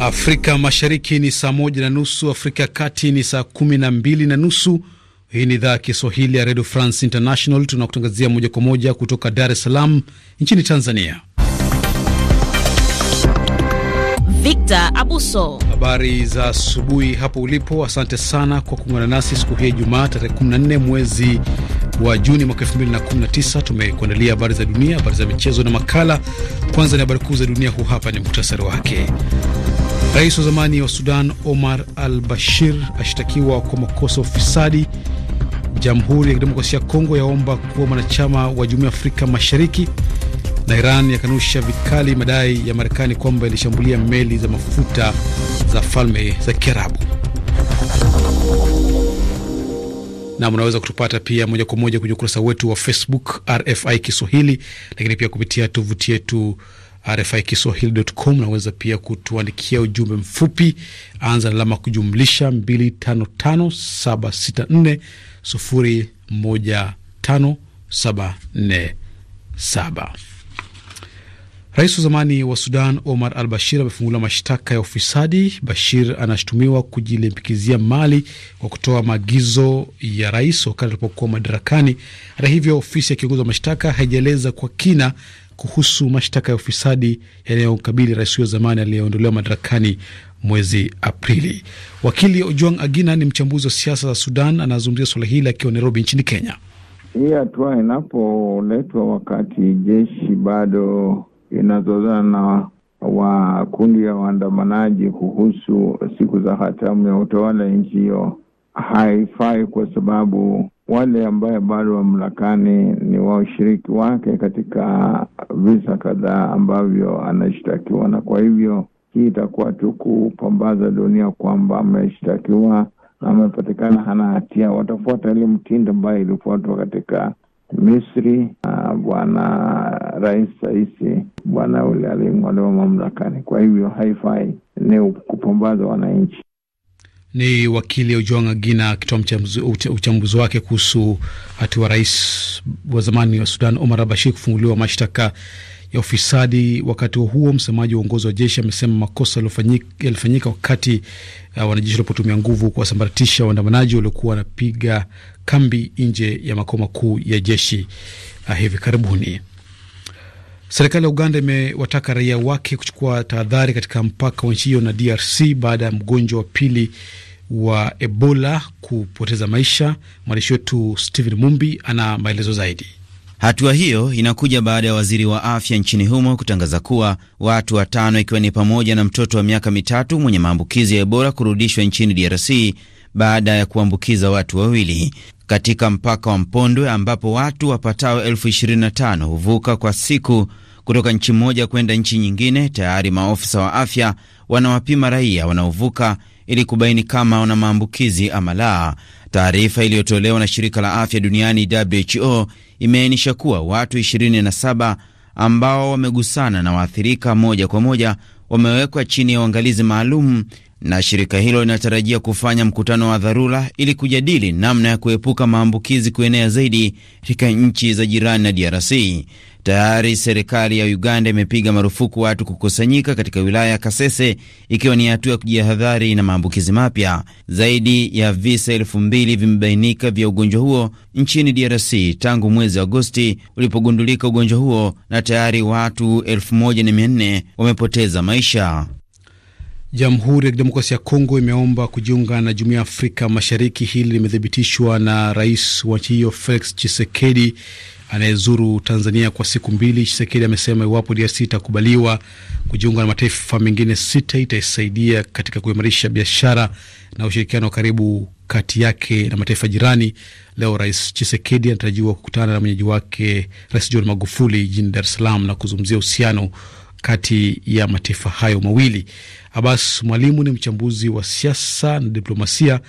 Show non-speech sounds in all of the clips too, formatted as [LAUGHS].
Afrika Mashariki ni saa moja na nusu, Afrika ya Kati ni saa kumi na mbili na nusu. Hii ni idhaa ya Kiswahili ya Redio France International. Tunakutangazia moja kwa moja kutoka Dar es Salaam nchini Tanzania. Victor Abuso, habari za asubuhi hapo ulipo. Asante sana kwa kuungana nasi siku hii ya Ijumaa, tarehe 14 mwezi wa Juni mwaka 2019. Tumekuandalia habari za dunia, habari za michezo na makala. Kwanza ni habari kuu za dunia, huu hapa ni muhtasari wake. Rais wa zamani wa Sudan Omar al Bashir ashtakiwa kwa makosa ufisadi. Jamhuri ya Kidemokrasia ya Kongo yaomba kuwa mwanachama wa Jumuiya ya Afrika Mashariki, na Iran yakanusha vikali madai ya Marekani kwamba ilishambulia meli za mafuta za Falme za Kiarabu. nam unaweza kutupata pia moja kwa moja kwenye ukurasa wetu wa Facebook RFI Kiswahili, lakini pia kupitia tovuti yetu RFI Kiswahili.com. Naweza pia kutuandikia ujumbe mfupi, anza alama kujumlisha 255764015747. Rais wa zamani wa Sudan Omar al Bashir amefungula mashtaka ya ufisadi. Bashir anashutumiwa kujilimbikizia mali kwa kutoa maagizo ya rais wakati alipokuwa madarakani. Hata hivyo, ofisi ya kiongozi wa mashtaka haijaeleza kwa kina kuhusu mashtaka ya ufisadi yanayomkabili rais huyo zamani aliyeondolewa madarakani mwezi Aprili. Wakili Ojwang Agina ni mchambuzi wa siasa za Sudan, anazungumzia suala hili akiwa Nairobi nchini Kenya. Hii hatua inapoletwa wakati jeshi bado inazozana na wakundi ya waandamanaji kuhusu siku za hatamu ya utawala nchi hiyo haifai, kwa sababu wale ambaye bado mamlakani ni waushiriki wake katika visa kadhaa ambavyo anashtakiwa, na kwa hivyo hii itakuwa tu kupambaza dunia kwamba ameshtakiwa na amepatikana hana hatia. Watafuata ile mtindo ambayo ilifuatwa katika Misri na bwana rais saisi, bwana ule aling'olewa mamlakani. Kwa hivyo haifai, ni kupambaza wananchi. Ni wakili Ojwanga Gina akitoa uchambuzi wake kuhusu hatua rais wa zamani wa Sudan Omar albashir kufunguliwa mashtaka ya ufisadi. Wakati huo msemaji wa uongozi wa jeshi amesema makosa yalifanyika wakati uh, wanajeshi walipotumia nguvu kuwasambaratisha waandamanaji waliokuwa wanapiga kambi nje ya makao makuu ya jeshi uh, hivi karibuni. Serikali ya Uganda imewataka raia wake kuchukua tahadhari katika mpaka wa nchi hiyo na DRC baada ya mgonjwa wa pili wa Ebola kupoteza maisha. Mwandishi wetu Steven Mumbi ana maelezo zaidi. Hatua hiyo inakuja baada ya waziri wa afya nchini humo kutangaza kuwa watu watano ikiwa ni pamoja na mtoto wa miaka mitatu mwenye maambukizi ya Ebola kurudishwa nchini DRC baada ya kuambukiza watu wawili katika mpaka wa Mpondwe ambapo watu wapatao elfu 25 huvuka kwa siku kutoka nchi moja kwenda nchi nyingine. Tayari maofisa wa afya wanawapima raia wanaovuka ili kubaini kama wana maambukizi ama la. Taarifa iliyotolewa na shirika la afya duniani WHO imeainisha kuwa watu 27 ambao wamegusana na waathirika moja kwa moja wamewekwa chini ya uangalizi maalum na shirika hilo linatarajia kufanya mkutano wa dharura ili kujadili namna ya kuepuka maambukizi kuenea zaidi katika nchi za jirani na DRC. Tayari serikali ya Uganda imepiga marufuku watu kukusanyika katika wilaya ya Kasese, ikiwa ni hatua ya kujihadhari na maambukizi mapya. Zaidi ya visa elfu mbili vimebainika vya ugonjwa huo nchini DRC tangu mwezi Agosti ulipogundulika ugonjwa huo, na tayari watu elfu moja na mia nne wamepoteza maisha. Jamhuri ya Kidemokrasia ya Kongo imeomba kujiunga na Jumuiya ya Afrika Mashariki. Hili limethibitishwa na rais wa nchi hiyo Felix Chisekedi anayezuru Tanzania kwa siku mbili. Chisekedi amesema iwapo DRC itakubaliwa kujiunga na mataifa mengine sita, itaisaidia katika kuimarisha biashara na ushirikiano wa karibu kati yake na mataifa jirani. Leo Rais Chisekedi anatarajiwa kukutana na mwenyeji wake Rais John Magufuli jijini Dar es Salaam na kuzungumzia uhusiano kati ya mataifa hayo mawili. Abbas Mwalimu ni mchambuzi wa siasa na diplomasia,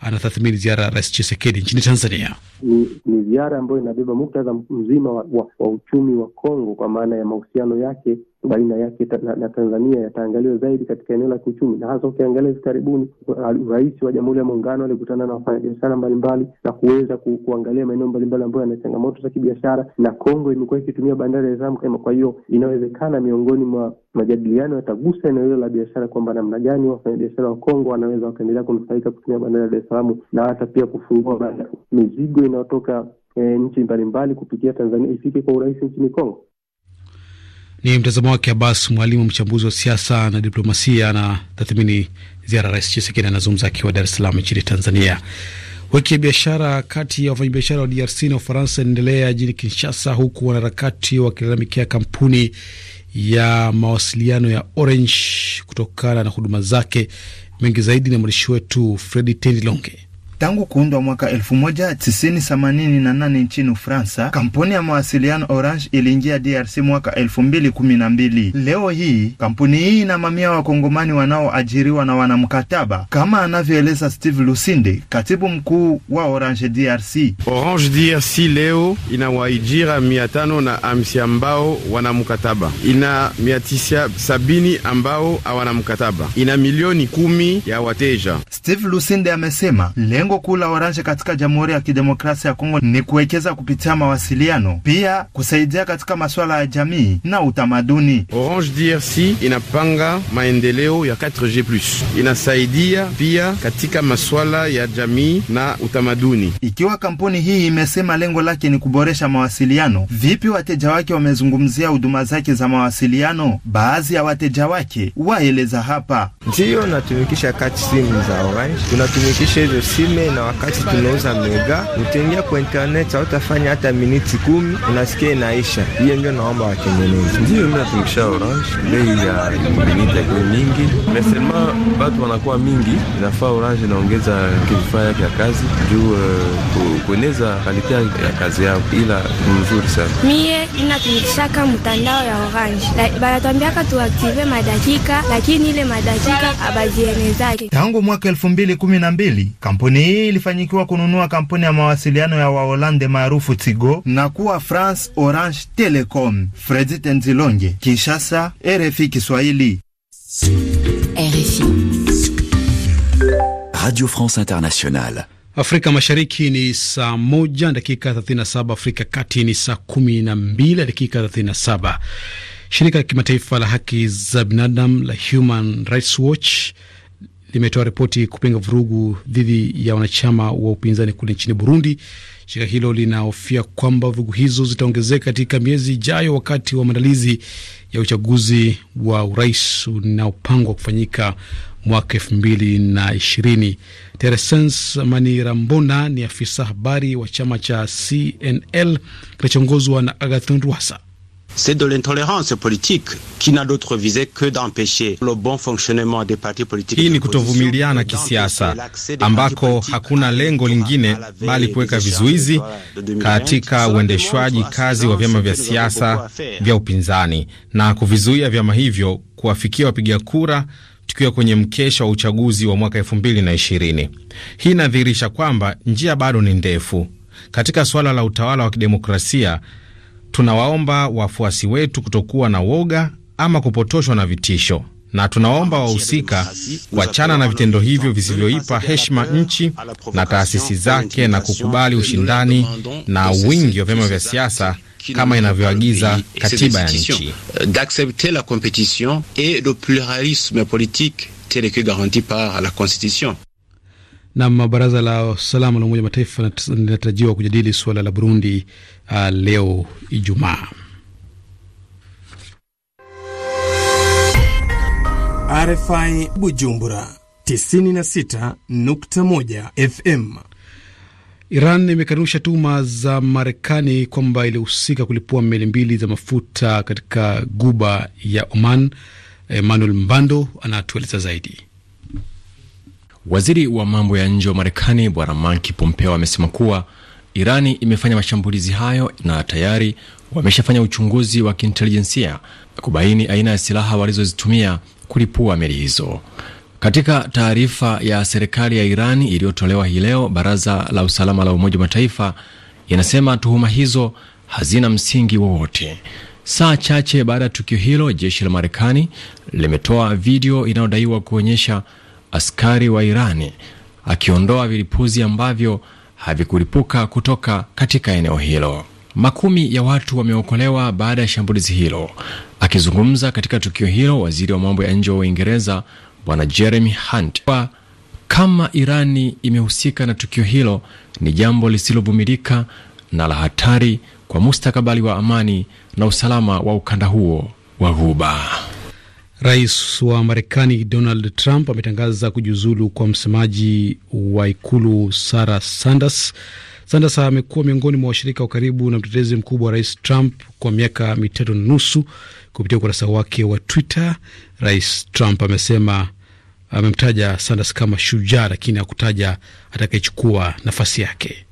anatathmini ziara ya Rais chisekedi nchini Tanzania ni, ni ziara ambayo inabeba muktadha mzima wa, wa, wa uchumi wa Kongo kwa maana ya mahusiano yake baina yake ta, na, na Tanzania yataangaliwa zaidi katika eneo la kiuchumi, na hasa ukiangalia hivi karibuni rais wa Jamhuri ya Muungano alikutana na wafanyabiashara mbalimbali na kuweza ku, kuangalia maeneo mbalimbali ambayo yana changamoto za kibiashara, na Kongo imekuwa ikitumia bandari ya Dar es Salaam kama. Kwa hiyo inawezekana miongoni mwa majadiliano yatagusa eneo hilo la biashara, kwamba namna gani wafanyabiashara wa Kongo wanaweza wakaendelea kunufaika kutumia bandari ya Dar es Salaam na hata pia kufungua mizigo inayotoka e, nchi mbalimbali kupitia Tanzania ifike kwa urahisi nchini Kongo. Ni mtazamo wake Abbas Mwalimu, mchambuzi wa siasa na diplomasia, na tathmini ziara Rais Chisekedi anazungumza akiwa Dar es Salaam nchini Tanzania. Wiki ya biashara kati ya wafanyabiashara wa DRC na Ufaransa inaendelea jijini Kinshasa, huku wanaharakati wakilalamikia kampuni ya mawasiliano ya Orange kutokana na huduma zake mengi zaidi. Na mwandishi wetu Fredi Tendilonge. Tangu kuundwa mwaka 1988 nchini Ufaransa, kampuni ya mawasiliano Orange iliingia DRC mwaka 2012. Leo hii kampuni hii ina mamia wakongomani wanaoajiriwa na wanamkataba, kama anavyoeleza Steve Lusinde, katibu mkuu wa Orange DRC. Orange DRC leo ina waijira na amsi ambao wanamkataba mkataba, ina 970 ambao hawanamkataba, ina milioni kumi ya wateja. Steve Lusinde amesema Lengo kuu la Orange katika Jamhuri ya Kidemokrasia ya Kongo ni kuwekeza kupitia mawasiliano, pia kusaidia katika masuala ya jamii na utamaduni. Orange DRC inapanga maendeleo ya 4G+, inasaidia pia katika masuala ya jamii na utamaduni. Ikiwa kampuni hii imesema lengo lake ni kuboresha mawasiliano, vipi wateja wake wamezungumzia huduma zake za mawasiliano? Baadhi ya wateja wake waeleza hapa. Ndiyo, natumikisha kati simu za Orange, tunatumikisha hizo simu umeme na wakati tunauza mega, utaingia kwa internet hautafanya hata miniti kumi, unasikia inaisha. Hiyo ndio naomba watengeneze. Ndio mimi natumisha Orange, bei ya miniti yake mingi mesema watu wanakuwa mingi, inafaa Orange inaongeza kifaa yake ya kazi juu uh, kueneza kalite ya kazi yao, ila mzuri sana. Mie inatumishaka mtandao ya Orange, banatwambiaka tuaktive madakika, lakini ile madakika abajienezake tangu mwaka elfu mbili kumi na mbili kampuni hii ilifanyikiwa kununua kampuni ya mawasiliano ya Waholande maarufu Tigo na kuwa France Orange Telecom. Fredi Tenzilonge, Kinshasa, RFI Kiswahili. RFI Radio France Internationale. Afrika Mashariki ni saa moja dakika 37, Afrika Kati ni saa 12 dakika 37. Shirika la kimataifa la haki za binadamu la Human Rights Watch limetoa ripoti kupinga vurugu dhidi ya wanachama wa upinzani kule nchini Burundi. Shirika hilo linahofia kwamba vurugu hizo zitaongezeka katika miezi ijayo, wakati wa maandalizi ya uchaguzi wa urais unaopangwa kufanyika mwaka elfu mbili na ishirini. Teresens Manirambona ni afisa habari wa chama cha CNL kinachoongozwa na Agathon Rwasa c'est de l'intolérance politique qui n'a d'autre visée que d'empêcher le bon fonctionnement des partis politiques. Hii ni kutovumiliana kisiasa ambako hakuna lengo lingine bali kuweka vizuizi katika uendeshwaji kazi wa vyama vya siasa vya upinzani na kuvizuia vyama hivyo kuwafikia wapiga kura tukiwa kwenye mkesha wa uchaguzi wa mwaka 2020. Hii inadhihirisha kwamba njia bado ni ndefu katika suala la utawala wa kidemokrasia. Tunawaomba wafuasi wetu kutokuwa na woga ama kupotoshwa na vitisho na tunaomba wahusika kuachana na vitendo hivyo visivyoipa heshima nchi na taasisi zake na kukubali ushindani na wingi wa vyama vya siasa kama inavyoagiza katiba ya nchi. Euh, Nam, baraza la usalama la Umoja Mataifa linatarajiwa kujadili suala la Burundi uh, leo Ijumaa. RFI Bujumbura 96.1 FM. Iran imekanusha tuhuma za Marekani kwamba ilihusika kulipua meli mbili za mafuta katika guba ya Oman. Emmanuel Mbando anatueleza zaidi. Waziri wa mambo ya nje wa Marekani Bwana Mike Pompeo amesema kuwa Irani imefanya mashambulizi hayo na tayari wameshafanya uchunguzi wa kiintelijensia kubaini aina ya silaha walizozitumia kulipua meli hizo. Katika taarifa ya serikali ya Irani iliyotolewa hii leo, baraza la usalama la Umoja wa Mataifa inasema tuhuma hizo hazina msingi wowote. Saa chache baada ya tukio hilo, jeshi la Marekani limetoa video inayodaiwa kuonyesha askari wa Irani akiondoa vilipuzi ambavyo havikulipuka kutoka katika eneo hilo. Makumi ya watu wameokolewa baada ya shambulizi hilo. Akizungumza katika tukio hilo, waziri wa mambo ya nje wa Uingereza Bwana Jeremy Hunt kwa kama Irani imehusika na tukio hilo ni jambo lisilovumilika na la hatari kwa mustakabali wa amani na usalama wa ukanda huo wa Ghuba. Rais wa Marekani Donald Trump ametangaza kujiuzulu kwa msemaji wa ikulu Sarah Sanders. Sanders amekuwa miongoni mwa washirika wa karibu na mtetezi mkubwa wa rais Trump kwa miaka mitatu na nusu. Kupitia ukurasa wake wa Twitter, Rais Trump amesema amemtaja Sanders kama shujaa, lakini hakutaja atakayechukua nafasi yake.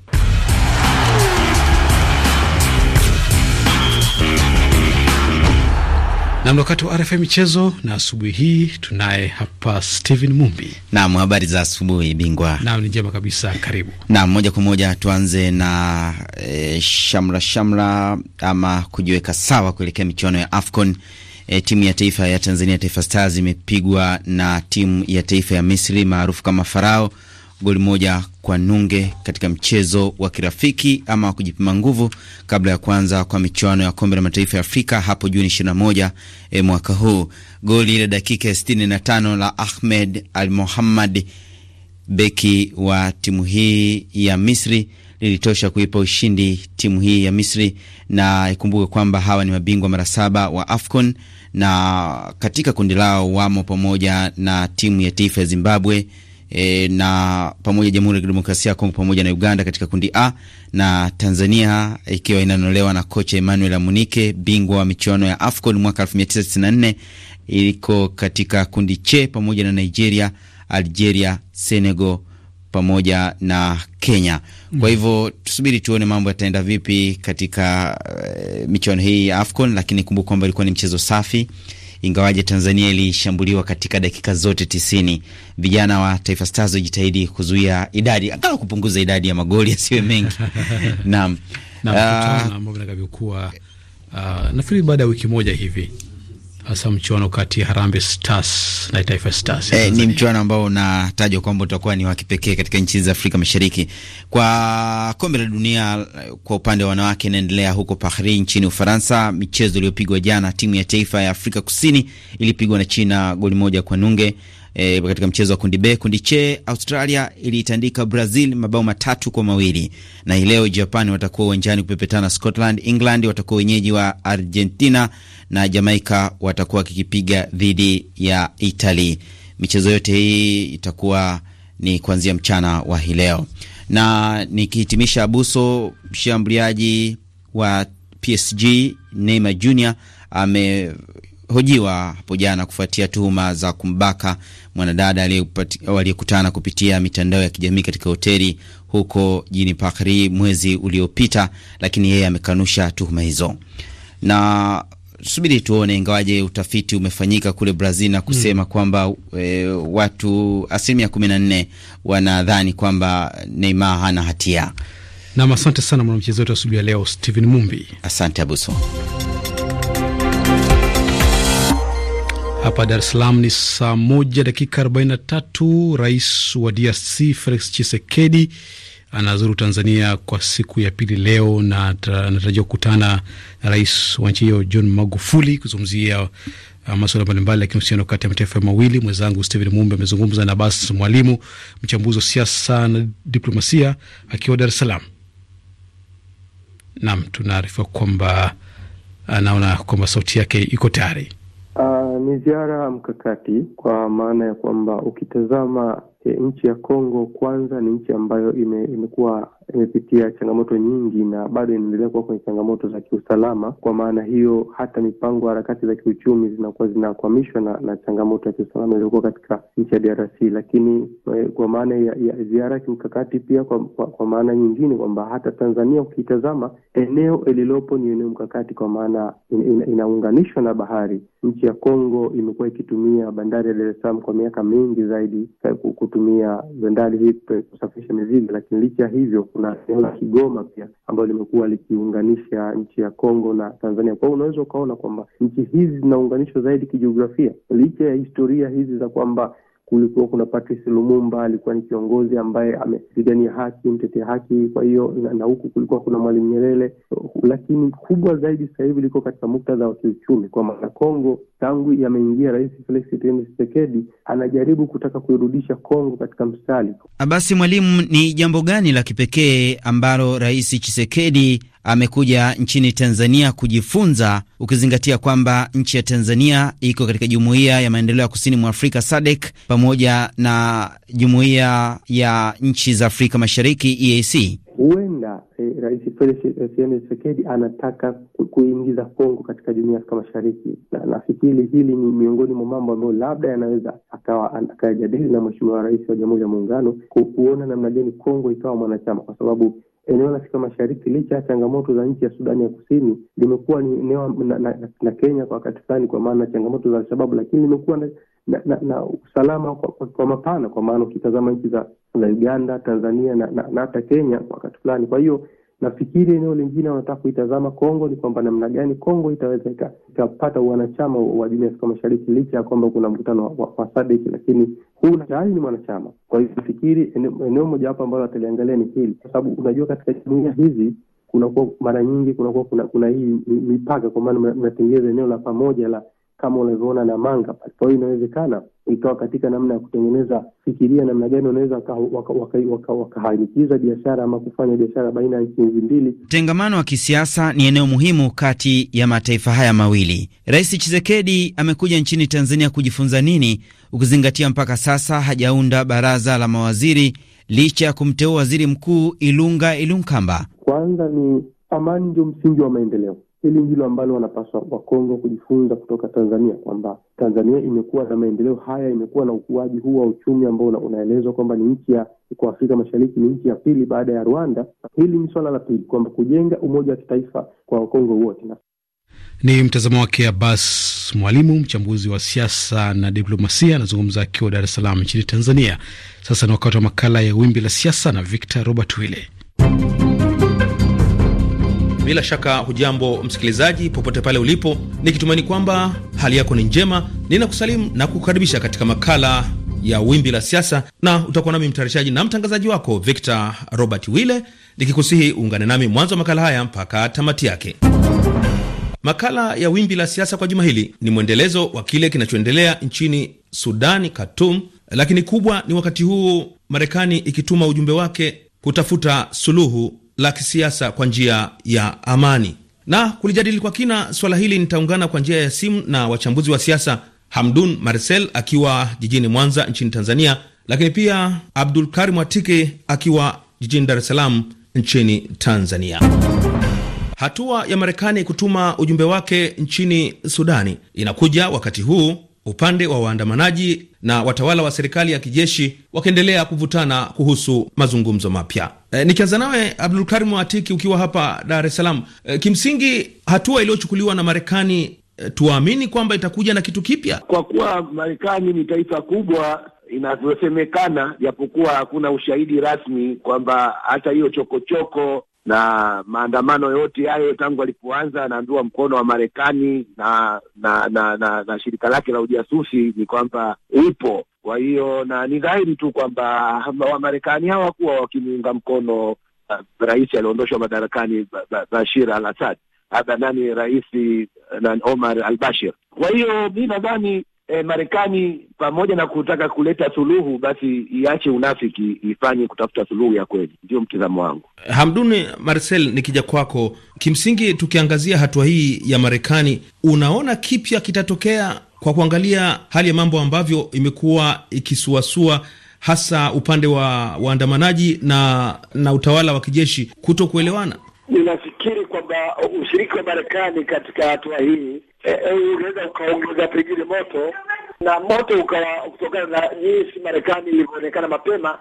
Na wakati wa RFM michezo na asubuhi hii tunaye hapa Steven Mumbi. Naam, habari za asubuhi bingwa. Naam, ni njema kabisa, karibu. Naam, moja kwa moja tuanze na e, shamra shamra ama kujiweka sawa kuelekea michuano ya AFCON. E, timu ya taifa ya Tanzania Taifa Stars imepigwa na timu ya taifa ya Misri maarufu kama Farao goli moja kwa nunge katika mchezo wa kirafiki ama kujipima nguvu kabla ya kuanza kwa michuano ya kombe la mataifa ya Afrika hapo Juni 21 e, eh, mwaka huu. Goli la dakika 65 la Ahmed Al Mohammad, beki wa timu hii ya Misri lilitosha kuipa ushindi timu hii ya Misri, na ikumbuke kwamba hawa ni mabingwa mara saba wa AFCON na katika kundi lao wamo pamoja na timu ya taifa ya Zimbabwe e, na pamoja Jamhuri ya Kidemokrasia ya Kongo pamoja na Uganda katika kundi A na Tanzania ikiwa inanolewa na kocha Emmanuel Amunike, bingwa wa michuano ya AFCON mwaka 1994 iliko katika kundi C pamoja na Nigeria, Algeria, Senegal pamoja na Kenya. Kwa mm. hivyo tusubiri tuone mambo yataenda vipi katika uh, michuano hii ya AFCON, lakini kumbuka kwamba ilikuwa ni mchezo safi ingawaje Tanzania ilishambuliwa katika dakika zote tisini. Vijana wa Taifa Stars wajitahidi kuzuia idadi, angalau kupunguza idadi ya magoli yasiwe mengi. [LAUGHS] Naam, ah, ah, nafikiri baada ya wiki moja hivi hasa mchuano kati ya Harambee Stars na Taifa Stars. E, ni mchuano ambao unatajwa kwamba utakuwa ni wa kipekee katika nchi za Afrika Mashariki. Kwa kombe la dunia kwa upande wa wanawake inaendelea huko Paris nchini Ufaransa. Michezo iliyopigwa jana, timu ya taifa ya Afrika Kusini ilipigwa na China goli moja kwa nunge. E, katika mchezo wa kundi B, kundi C, Australia iliitandika Brazil mabao matatu kwa mawili na hii leo Japan watakuwa uwanjani kupepetana Scotland, England watakuwa wenyeji wa Argentina na Jamaica watakuwa wakikipiga dhidi ya Italy. Michezo yote hii itakuwa ni kuanzia mchana wa hii leo, na nikihitimisha, Abuso, mshambuliaji wa PSG Neymar Jr ame hojiwa hapo jana kufuatia tuhuma za kumbaka mwanadada aliyekutana kupitia mitandao ya kijamii katika hoteli huko jini Pakri mwezi uliopita, lakini yeye amekanusha tuhuma hizo. Na subiri tuone, ingawaje utafiti umefanyika kule Brazil na kusema mm, kwamba e, watu asilimia kumi na nne wanadhani kwamba Neymar hana hatia. Nam, asante sana mwanamchezo wetu asubuhi ya leo Steven Mumbi. Asante Abuso. Hapa Dar es Salaam ni saa moja dakika 43. Rais wa DRC Felix Tshisekedi anazuru Tanzania kwa siku ya pili leo, na anatarajia kukutana na rais wa nchi hiyo John Magufuli kuzungumzia maswala uh, masuala mbalimbali lakini uhusiano kati ya mataifa mawili. Mwenzangu Steven Mumbe amezungumza na Bas Mwalimu, mchambuzi wa siasa na diplomasia, akiwa Dar es Salaam. Naam, tunaarifa kwamba anaona uh, kwamba sauti yake iko tayari. Eh, ni ziara mkakati kwa maana ya kwamba ukitazama e, nchi ya Kongo kwanza ni nchi ambayo ime, imekuwa imepitia changamoto nyingi na bado inaendelea kuwa kwenye changamoto za kiusalama. Kwa maana hiyo, hata mipango harakati za kiuchumi zinakuwa zinakwamishwa na, na changamoto ya kiusalama iliyokuwa katika nchi ya DRC. Lakini eh, kwa maana ya, ya ziara ya kimkakati pia kwa, kwa, kwa maana nyingine kwamba hata Tanzania ukitazama eneo lililopo ni eneo mkakati, kwa maana in, in, inaunganishwa na bahari. Nchi ya Kongo imekuwa ikitumia bandari ya Dar es Salaam kwa miaka mingi zaidi eh, kutumia bandari hii eh, kusafirisha mizigo, lakini licha ya hivyo kuna eneo la Kigoma pia ambayo limekuwa likiunganisha nchi ya Kongo na Tanzania. Kwa hiyo unaweza ukaona kwamba nchi hizi zinaunganishwa zaidi kijiografia, licha ya historia hizi za kwamba kulikuwa kuna Patrice Lumumba alikuwa ni kiongozi ambaye amepigania haki, mtetea haki. Kwa hiyo na huku kulikuwa kuna Mwalimu Nyerere, lakini kubwa zaidi sasa hivi liko katika muktadha wa kiuchumi, kwa maana Kongo tangu yameingia Rais Felix Tshisekedi anajaribu kutaka kuirudisha Kongo katika mstari. Basi mwalimu, ni jambo gani la kipekee ambalo Rais Tshisekedi amekuja nchini Tanzania kujifunza, ukizingatia kwamba nchi ya Tanzania iko katika jumuiya ya maendeleo ya kusini mwa Afrika SADC pamoja na jumuiya ya nchi za Afrika Mashariki EAC. Huenda eh, Rais Felix Tshisekedi anataka kuingiza Kongo katika jumuiya ya Afrika Mashariki, na nafikiri hili ni miongoni mwa mambo ambayo labda yanaweza akawa akayajadili na Mheshimiwa Rais wa Jamhuri ya Muungano, kuona namna gani Kongo ikawa mwanachama, kwa sababu eneo la Afrika Mashariki, licha ya changamoto za nchi ya Sudani ya Kusini, limekuwa ni eneo na, na, na Kenya kwa wakati fulani, kwa maana changamoto za Alshababu, lakini limekuwa na, na, na, na usalama kwa, kwa, kwa mapana, kwa maana ukitazama nchi za, za Uganda, Tanzania na hata na, Kenya kwa wakati fulani. Kwa hiyo nafikiri eneo lingine wanataka kuitazama Kongo ni kwamba namna gani Kongo itaweza ikapata wanachama wa jumuiya ya Afrika Mashariki, licha ya kwamba kuna mkutano wa, wa, wa SADC, lakini huu tayari ni mwanachama. Kwa hiyo nafikiri eneo mojawapo ambalo ataliangalia ni hili, kwa sababu unajua katika jumuia hizi kunakuwa mara nyingi kunakuwa kuna kuna hii mipaka, kwa maana mnatengeza eneo la pamoja la kama unavyoona na manga pale. Kwa hiyo inawezekana ikawa katika namna ya kutengeneza, fikiria namna gani wanaweza wakahainikiza biashara ama kufanya biashara baina ya nchi hizi mbili. Mtengamano wa kisiasa ni eneo muhimu kati ya mataifa haya mawili. Rais chisekedi amekuja nchini Tanzania kujifunza nini, ukizingatia mpaka sasa hajaunda baraza la mawaziri licha ya kumteua waziri mkuu Ilunga Ilunkamba? Kwanza ni amani ndio msingi wa maendeleo Hili ndilo ambalo wanapaswa Wakongo kujifunza kutoka Tanzania, kwamba Tanzania imekuwa na maendeleo haya, imekuwa na ukuaji huu wa uchumi ambao unaelezwa kwamba ni nchi ya ko Afrika Mashariki ni nchi ya pili baada ya Rwanda. Hili ni swala la pili, kwamba kujenga umoja wa kitaifa kwa Wakongo wote. Ni mtazamo wake Abbas Mwalimu, mchambuzi wa siasa na diplomasia, anazungumza akiwa Dar es Salaam nchini Tanzania. Sasa ni wakati wa makala ya Wimbi la Siasa na Victor Robert Wille. Bila shaka hujambo msikilizaji, popote pale ulipo, nikitumaini kwamba hali yako ni njema. Ninakusalimu na kukaribisha katika makala ya wimbi la siasa, na utakuwa nami mtayarishaji na mtangazaji wako Victor Robert Wille, nikikusihi uungane nami mwanzo wa makala haya mpaka tamati yake. Makala ya wimbi la siasa kwa juma hili ni mwendelezo wa kile kinachoendelea nchini Sudani, Khartoum, lakini kubwa ni wakati huu Marekani ikituma ujumbe wake kutafuta suluhu la kisiasa kwa njia ya amani. Na kulijadili kwa kina swala hili, nitaungana kwa njia ya simu na wachambuzi wa siasa Hamdun Marcel akiwa jijini Mwanza nchini Tanzania, lakini pia Abdul Karim Atike akiwa jijini Dar es Salaam nchini Tanzania. Hatua ya Marekani kutuma ujumbe wake nchini Sudani inakuja wakati huu upande wa waandamanaji na watawala wa serikali ya kijeshi wakiendelea kuvutana kuhusu mazungumzo mapya. E, nikianza nawe Karim Watiki, ukiwa hapa Dar es Salaam. E, kimsingi hatua iliyochukuliwa na Marekani e, tuwaamini kwamba itakuja na kitu kipya kwa kuwa Marekani ni taifa kubwa inavyosemekana, japokuwa hakuna ushahidi rasmi kwamba hata hiyo chokochoko na maandamano yote hayo tangu alipoanza anaambiwa mkono wa Marekani na na na, na, na shirika lake la ujasusi ni kwamba ipo. Kwa hiyo na ni dhahiri tu kwamba Wamarekani hawakuwa wakimuunga mkono uh, rais aliondoshwa madarakani Bashir al-Assad, hata nani rais uh, Omar al-Bashir. Kwa hiyo mi nadhani e, Marekani pamoja na kutaka kuleta suluhu, basi iache unafiki, ifanye kutafuta suluhu ya kweli. Ndio mtizamo wangu. Hamduni Marcel, nikija kwako, kimsingi tukiangazia hatua hii ya Marekani, unaona kipya kitatokea kwa kuangalia hali ya mambo ambavyo imekuwa ikisuasua hasa upande wa waandamanaji na na utawala wa kijeshi kuto kuelewana. Ninafikiri kwamba ushiriki wa Marekani katika hatua hii Eh, eh, unaweza ukaongeza pengine moto na moto ukawa kutokana na jinsi Marekani ilivyoonekana mapema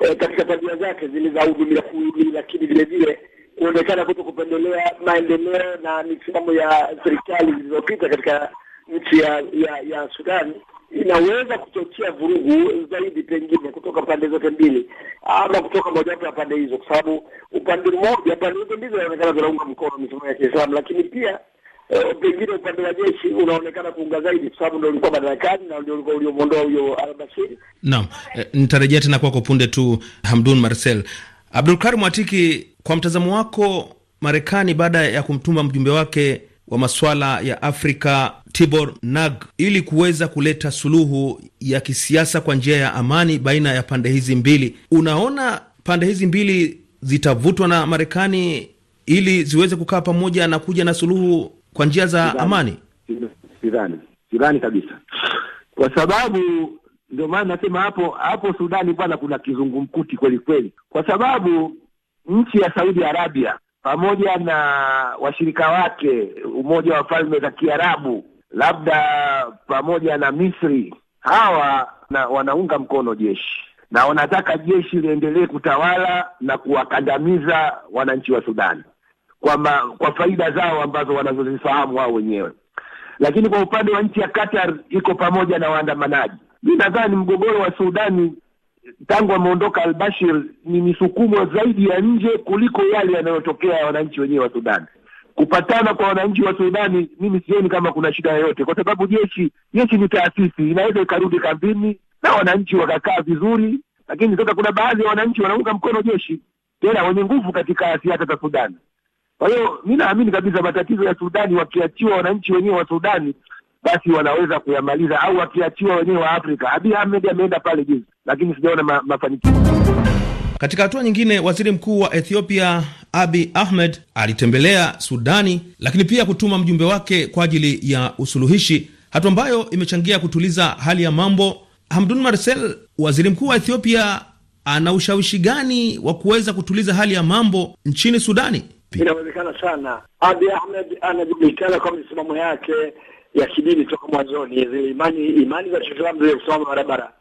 e, katika tabia zake zile za kuili, lakini vile vile kuonekana kuto kupendelea maendeleo na misimamo ya serikali zilizopita katika nchi ya ya, ya Sudani inaweza kuchochea vurugu zaidi, pengine kutoka pande zote mbili ama kutoka mojawapo ya pande hizo, kwa sababu upande mmoja, pande zote mbili zinaonekana zinaunga mkono misimamo ya Kiislamu, lakini pia Eh, pengine upande wa jeshi unaonekana kuunga zaidi kwa sababu ndio ulikuwa madarakani na ndio ulikuwa uliomwondoa huyo al-Bashir. Naam, eh, nitarejea tena kwako punde tu Hamdun Marcel. Abdulkarim Mwatiki, kwa mtazamo wako, Marekani baada ya kumtuma mjumbe wake wa masuala ya Afrika Tibor Nag ili kuweza kuleta suluhu ya kisiasa kwa njia ya amani baina ya pande hizi mbili, unaona pande hizi mbili zitavutwa na Marekani ili ziweze kukaa pamoja na kuja na suluhu kwa njia za amani? Sidhani, sidhani kabisa, kwa sababu ndio maana nasema hapo hapo Sudani bwana, kuna kizungumkuti kweli kweli, kwa sababu nchi ya Saudi Arabia pamoja na washirika wake Umoja wa Falme za Kiarabu, labda pamoja na Misri, hawa na, wanaunga mkono jeshi na wanataka jeshi liendelee kutawala na kuwakandamiza wananchi wa Sudani ma, kwa faida zao ambazo wanazozifahamu wao wenyewe. Lakini kwa upande wa nchi ya Qatar iko pamoja na waandamanaji. Mi nadhani mgogoro wa Sudani tangu ameondoka al-Bashir ni misukumo zaidi ya nje kuliko yale yanayotokea ya wananchi wenyewe wa Sudani. Kupatana kwa wananchi wa Sudani, mimi sioni kama kuna shida yoyote, kwa sababu jeshi jeshi ni taasisi, inaweza ikarudi kambini na wananchi wakakaa vizuri. Lakini sasa kuna baadhi ya wananchi wanaunga mkono jeshi, tena wenye nguvu katika siasa za Sudani. Kwa hiyo mi naamini kabisa matatizo ya Sudani wakiachiwa wananchi wenyewe wa Sudani basi wanaweza kuyamaliza, au wakiachiwa wenyewe wa Afrika. abi Ahmed ameenda pale juzi, lakini sijaona ma, mafanikio. Katika hatua nyingine, waziri mkuu wa Ethiopia abi Ahmed alitembelea Sudani, lakini pia kutuma mjumbe wake kwa ajili ya usuluhishi, hatua ambayo imechangia kutuliza hali ya mambo. Hamdun Marcel, waziri mkuu wa Ethiopia ana ushawishi gani wa kuweza kutuliza hali ya mambo nchini Sudani? inawezekana sana. Abi Ahmed anajulikana kwa misimamo yake ya kidini toka mwanzoni, imani imani za Kiislamu zile kusimama barabara.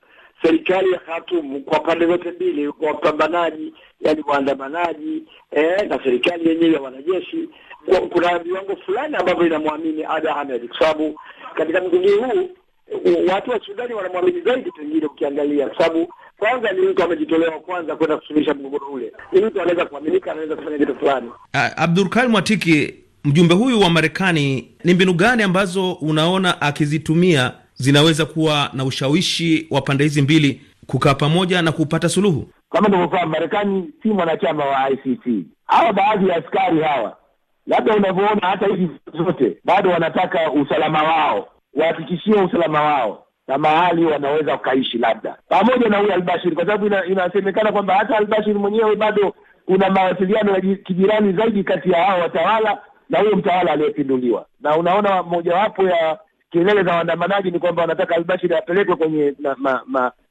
Serikali ya Khartoum kwa pande zote mbili, kwa wapambanaji, yani waandamanaji eh, na serikali yenyewe ya wanajeshi, kwa kuna viwango fulani ambavyo inamwamini Abi Ahmed, kwa sababu katika mgogoro huu watu wa Sudani wanamwamini zaidi, pengine ukiangalia, kwa sababu kwanza ni mtu amejitolewa kwanza kwenda kusuluhisha mgogoro ule, ni mtu anaweza kuaminika, anaweza kufanya kitu fulani. Ah, Abdulkarim Mwatiki, mjumbe huyu wa Marekani, ni mbinu gani ambazo unaona akizitumia zinaweza kuwa na ushawishi wa pande hizi mbili kukaa pamoja na kupata suluhu? Kama tunavyofahamu, Marekani si mwanachama wa ICC. Hawa baadhi ya askari hawa, labda unavyoona, hata hizi zote bado wanataka usalama wao, wahakikishie usalama wao na mahali wanaweza wakaishi, labda pamoja na huyu Albashiri, kwa sababu ina, inasemekana kwamba hata Albashiri mwenyewe bado kuna mawasiliano ya kijirani zaidi kati ya hao watawala na huyo mtawala aliyepinduliwa. Na unaona mojawapo ya kelele za waandamanaji ni kwamba wanataka Albashiri apelekwe kwenye mahakama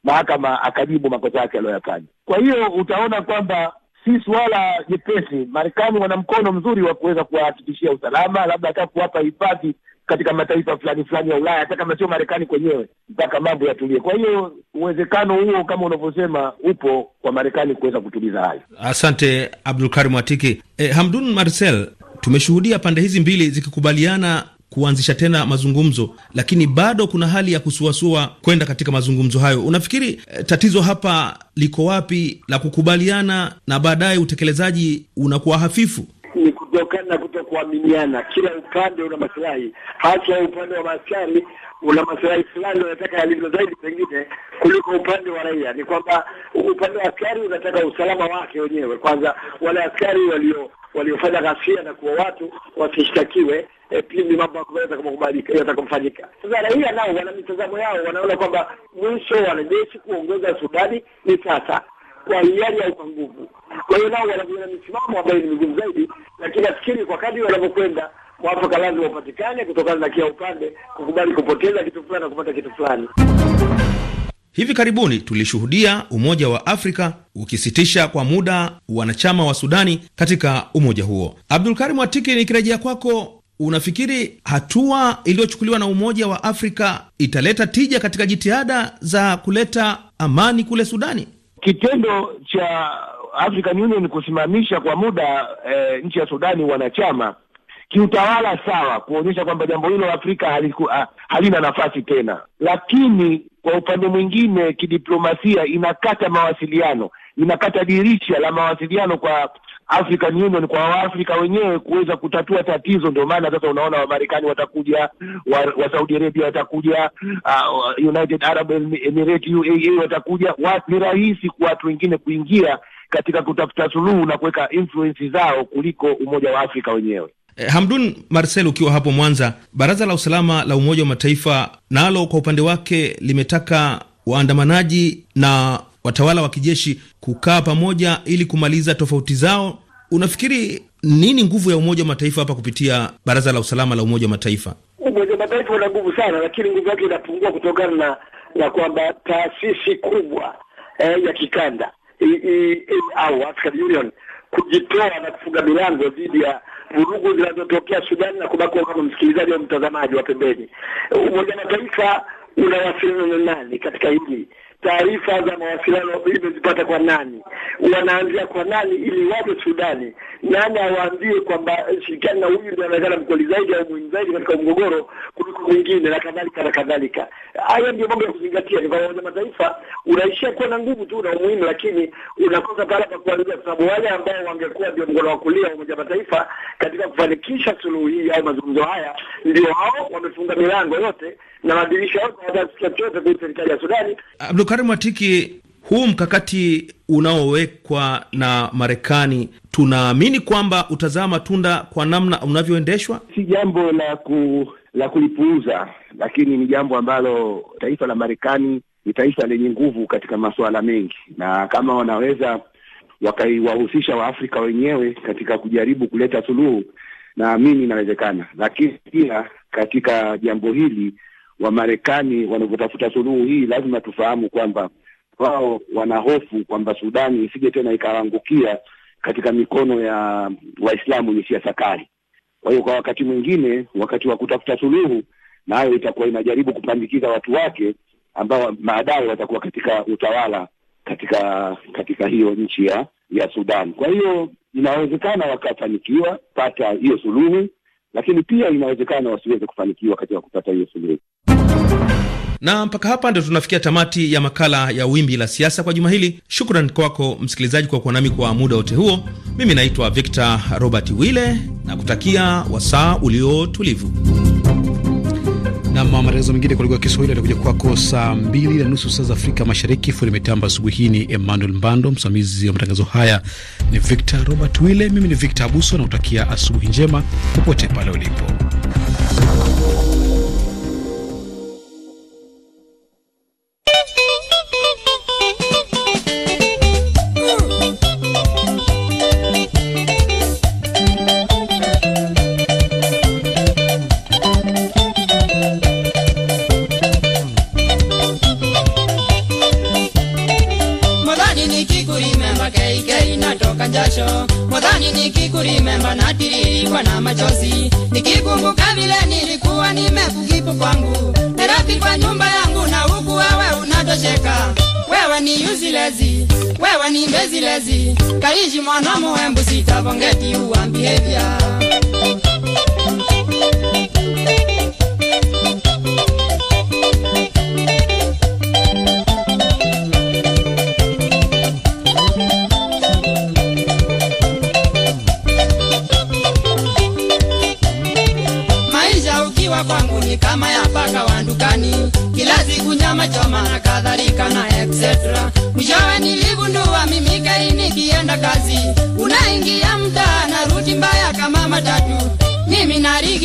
ma, ma, ma, akajibu makosa yake aliyoyafanya. Kwa hiyo utaona kwamba si suala jepesi. Marekani wana mkono mzuri wa kuweza kuwahakikishia usalama, labda hata kuwapa hifadhi katika mataifa fulani fulani ya Ulaya, hata kama sio Marekani kwenyewe, mpaka mambo yatulie. Kwa hiyo uwezekano huo kama unavyosema upo kwa Marekani kuweza kutuliza hayo. Asante Abdulkarim Atiki. E, eh, Hamdun Marcel, tumeshuhudia pande hizi mbili zikikubaliana kuanzisha tena mazungumzo, lakini bado kuna hali ya kusuasua kwenda katika mazungumzo hayo. Unafikiri e, tatizo hapa liko wapi la kukubaliana na baadaye utekelezaji unakuwa hafifu? kutokana na kuto kuaminiana. Kila upande una maslahi, hasa upande wa maaskari una maslahi fulani unataka yalivyo zaidi pengine kuliko upande wa raia. Ni kwamba upande wa askari unataka usalama wake wenyewe kwanza, wale askari walio waliofanya ghasia na kuwa watu wasishtakiwe eh, pindi mambo yatakapokubalika. Sasa raia nao wana mitazamo yao, wanaona kwamba mwisho wanajeshi kuongoza Sudani ni sasa hiari au kwa nguvu. Kwa hiyo nao wanakuja na misimamo ambayo ni migumu zaidi, lakini nafikiri kwa kadri wanavyokwenda mwafaka lazima upatikane kutokana na kila upande kukubali kupoteza kitu fulani na kupata kitu fulani. Hivi karibuni tulishuhudia Umoja wa Afrika ukisitisha kwa muda wanachama wa Sudani katika umoja huo. Karim Atiki, nikirejea kwako Unafikiri hatua iliyochukuliwa na Umoja wa Afrika italeta tija katika jitihada za kuleta amani kule Sudani? kitendo cha African Union kusimamisha kwa muda e, nchi ya Sudani wanachama kiutawala sawa, kuonyesha kwamba jambo hilo Afrika haliku, ha, ah, halina nafasi tena, lakini kwa upande mwingine kidiplomasia inakata mawasiliano, inakata dirisha la mawasiliano kwa African Union kwa Waafrika wenyewe kuweza kutatua tatizo. Ndio maana sasa unaona Wamarekani watakuja wa, wa Saudi Arabia watakuja, uh, United Arab Emirates UAE watakuja wa, ni rahisi kwa watu wengine kuingia katika kutafuta suluhu na kuweka influence zao kuliko Umoja wa Afrika wenyewe. Eh, Hamdun Marcel, ukiwa hapo Mwanza, Baraza la Usalama la Umoja wa Mataifa nalo kwa upande wake limetaka waandamanaji na watawala wa kijeshi kukaa pamoja ili kumaliza tofauti zao. Unafikiri nini nguvu ya Umoja wa Mataifa hapa kupitia Baraza la Usalama la Umoja wa Mataifa? Umoja wa Mataifa una nguvu sana, lakini nguvu yake inapungua kutokana na na kwamba taasisi kubwa eh, ya kikanda au African Union kujitoa na kufunga milango dhidi ya vurugu zinazotokea Sudani na kubaki kama msikilizaji wa mtazamaji wa pembeni. Umoja wa Mataifa unawasiliana na nani katika hili? taarifa za mawasiliano imezipata kwa nani, wanaanzia kwa nani ili waje Sudani, nani awaambie kwamba eh, shirikiani na huyu ndio anaonekana mkweli zaidi au muhimu zaidi katika mgogoro kuliko mwingine, na kadhalika na kadhalika. Haya ndio mambo ya kuzingatia, ni kwamba Umoja Mataifa unaishia kuwa na nguvu tu na umuhimu, lakini unakosa pahala pa kuanzia, kwa sababu wale ambao wangekuwa ndio mkono wa kulia wa Umoja Mataifa katika kufanikisha suluhu hii au mazungumzo haya, ndio hao wamefunga milango yote na madirisha yote, hawatasikia chochote kuhusu serikali ya Sudani. Mkarim Watiki, huu mkakati unaowekwa na Marekani tunaamini kwamba utazaa matunda kwa namna unavyoendeshwa. Si jambo la ku la kulipuuza, lakini ni jambo ambalo taifa la Marekani ni taifa lenye nguvu katika masuala mengi, na kama wanaweza wakaiwahusisha Waafrika wenyewe katika kujaribu kuleta suluhu, naamini inawezekana. Lakini pia katika jambo hili wa Marekani wanavyotafuta suluhu hii, lazima tufahamu kwamba wao wanahofu kwamba Sudani isije tena ikaangukia katika mikono ya Waislamu ni siasa kali. Kwa hiyo kwa wakati mwingine, wakati wa kutafuta suluhu, nayo itakuwa inajaribu kupandikiza watu wake ambao baadaye watakuwa katika utawala katika katika hiyo nchi ya ya Sudan. Kwa hiyo inawezekana wakafanikiwa pata hiyo suluhu, lakini pia inawezekana wasiweze kufanikiwa katika kupata hiyo suluhu. Na mpaka hapa ndo tunafikia tamati ya makala ya Wimbi la Siasa kwa juma hili. Shukran kwako msikilizaji kwa kuwa nami kwa muda wote huo. Mimi naitwa Victor Robert wille na kutakia wasaa uliotulivu na matangazo mengine kwa lugha ya Kiswahili atakuja kwako saa mbili na nusu saa za Afrika Mashariki. Fundi mitambo asubuhi hii ni Emmanuel Mbando, msimamizi wa matangazo haya ni Victor Robert Wille, mimi ni Victor Abuso, nautakia asubuhi njema popote pale ulipo. mwana muhembusitavongeti uambihevya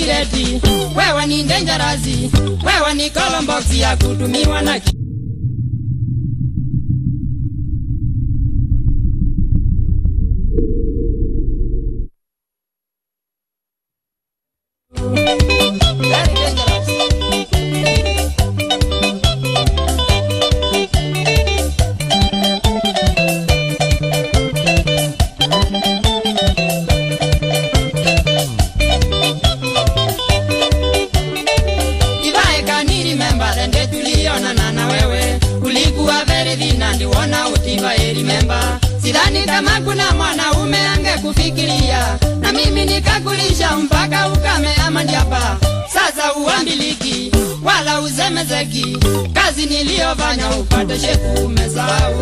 kireti, wewe ni dangerous, wewe ni kolomboksi ya kutumiwa na niliyofanya upate shepu umesahau.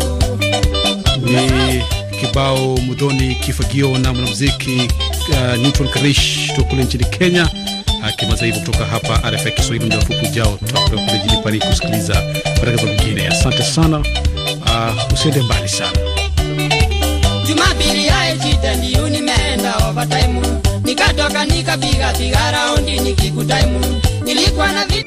Ni kibao mudoni kifagio na mwanamuziki uh, Neutral Karish kutoka kule nchini Kenya akimaza hivyo kutoka hapa RFI Kiswahili. Muda mfupi ujao tutakuwa kule jijini Paris kusikiliza matangazo mengine. Asante sana, uh, usiende mbali sana. Jumapili yae chitendiu nimeenda overtime, nikatoka nikapiga piga raundi nikikutaimu nilikuwa na vitu